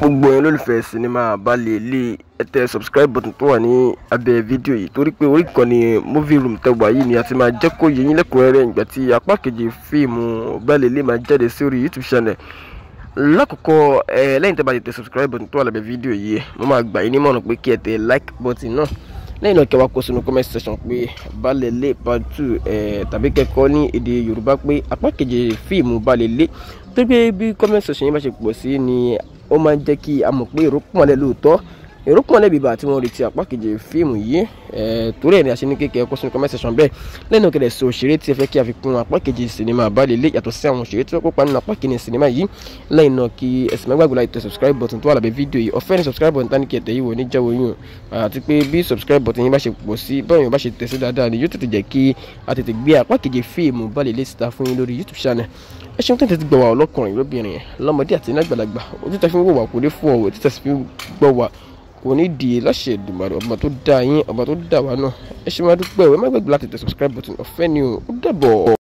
gbogbo ẹ lólùfẹ́ sinimá balẹ̀ ilé ẹ tẹ subscribe button tó wà ní abẹ́ fídíò yìí torí pé orí ìkànnì movie room tẹwà yìí ni a ti máa jẹ́ kó yẹ yín lẹ́kùnrẹ́rẹ́ ìgbà tí apá kejì fíìmù balẹ̀ ilé máa jáde sí orí youtube channel lákòókò ẹ lẹ́yìn tẹ́ bá tẹ subscribe button tó wà lábẹ́ fídíò yìí mo máa gbà yín nímọ̀ràn pé kí ẹ tẹ like button náà lẹ́yìn náà kẹwàá kó sínú comment section pé balẹ̀ ilé part two ẹ tàbí kẹ́kọ̀ọ́ ní èdè yorùbá pé apá kejì fíìmù balẹ̀ ilé tó gbé bí comment section yín bá ṣe pọ̀ sí ni ó máa ń jẹ́ kí a mọ̀ pé èrò pọ̀nlẹ̀ lóòótọ́ èrò pọ̀ lẹ́bi ìbà tí wọ́n retí apá keje fíìmù yìí torí ẹ̀ ní àṣẹ ní kékeré kó sínú comment section bẹ́ẹ̀ lẹ́nu kẹlẹ̀ sọ òṣèré tí ẹ fẹ́ kí a fi kún apá keje sinimá balẹ̀ lé sí àwọn òṣèré tí wọ́n kópa nínú apá kìíní sinimá yìí lẹ́yìn náà kí ẹ̀sìn mẹ́gbàgbọ́ láì tẹ subscribe button tó wà lábẹ́ fídíò yìí ọ̀fẹ́ ni subscribe button tani kí ẹ̀tẹ̀ yìí wò ní jẹ́wọ́ yún àti pé bí subscribe button yín bá ṣe pọ̀ sí báyọ̀ bá ṣe tẹ̀ sí dáadáa ni yóò tètè jẹ́ kí a tètè gbé apá keje fíìmù YouTube channel ẹ ṣeun tètè ti gbọ̀ wá ọlọ́kùnrin lóbìnrin lọ́mọdé àti lágbàlagbà ojú tẹ wò wá kò ní fún ọ̀wọ̀ títẹ̀ sí fi kò ní di láṣẹ Èdùmàrè ọba tó dá yín ọba tó dá wa náà ẹ ṣe máa dúpẹ́ ẹ má gbàgbé láti tẹ subscribe button ọ̀fẹ́ ni o ó dàbọ̀.